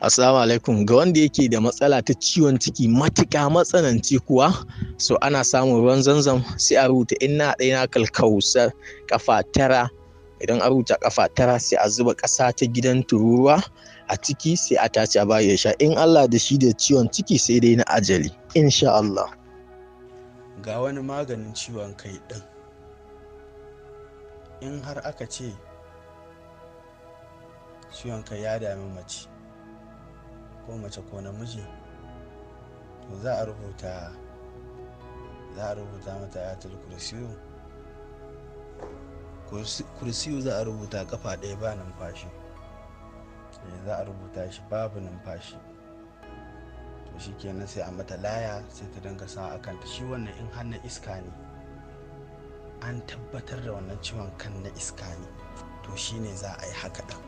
Assalamu alaikum ga wanda yake da matsala ta ciwon ciki matuƙa matsananci kuwa so ana samun ruwan zanzan sai a rubuta inna ɗaya na kalkausa kafa tara idan a rubuta kafa tara sai a zuba ƙasa ta gidan tururuwa a ciki sai a tace a bayan sha in Allah da shi da ciwon ciki sai dai na ajali insha Allah ga wani maganin ciwon kai ɗin in har aka ce ciwon kai ya dami mace ko mace ko namiji to za a rubuta za a rubuta mata ayatul kursiyu kursiyu za a rubuta kafa ɗaya ba numfashi eh, za a rubuta shi babu numfashi to shi kenan sai a mata laya sai ta dinga sa a kanta shi wannan in har iska ne an tabbatar da wannan ciwon kan na iska ne to shine za a yi haka ɗan